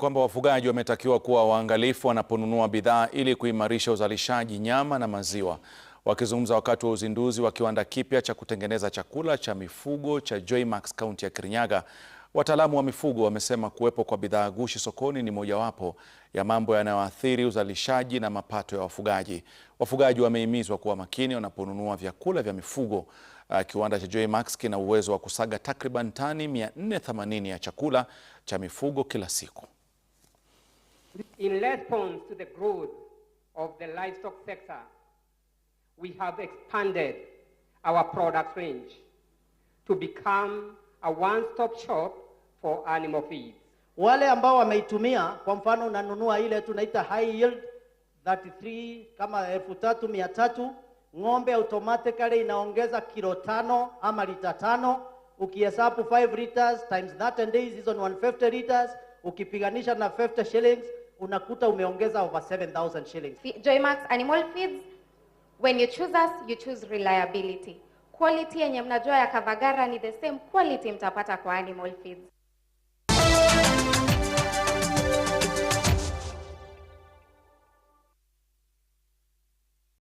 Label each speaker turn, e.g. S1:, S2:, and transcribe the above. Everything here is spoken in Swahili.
S1: kwamba wafugaji wametakiwa kuwa waangalifu wanaponunua bidhaa ili kuimarisha uzalishaji nyama na maziwa. Wakizungumza wakati wa uzinduzi wa kiwanda kipya cha kutengeneza chakula cha mifugo cha Joymax kaunti ya Kirinyaga, wataalamu wa mifugo wamesema kuwepo kwa bidhaa gushi sokoni ni mojawapo ya mambo yanayoathiri uzalishaji na mapato ya wafugaji. Wafugaji wamehimizwa kuwa makini wanaponunua vyakula vya mifugo. Ah, kiwanda cha Joymax kina uwezo wa kusaga takriban tani 480 ya chakula cha mifugo kila siku.
S2: In response to the growth of the livestock sector, we have expanded our product range to become a one-stop shop for animal feed.
S3: Wale ambao wameitumia, kwa mfano, unanunua ile tunaita high yield 33 kama elfu tatu mia tatu ng'ombe automatically inaongeza kilo tano ama lita tano ukihesabu 5 liters times that and days, hizo ni 150 liters, ukipiganisha na 50 shillings unakuta umeongeza over 7000 shillings.
S4: Joymax Animal Feeds, when you choose us, you choose reliability. Quality yenye mnajua ya Kavagara ni the same quality mtapata kwa Animal Feeds.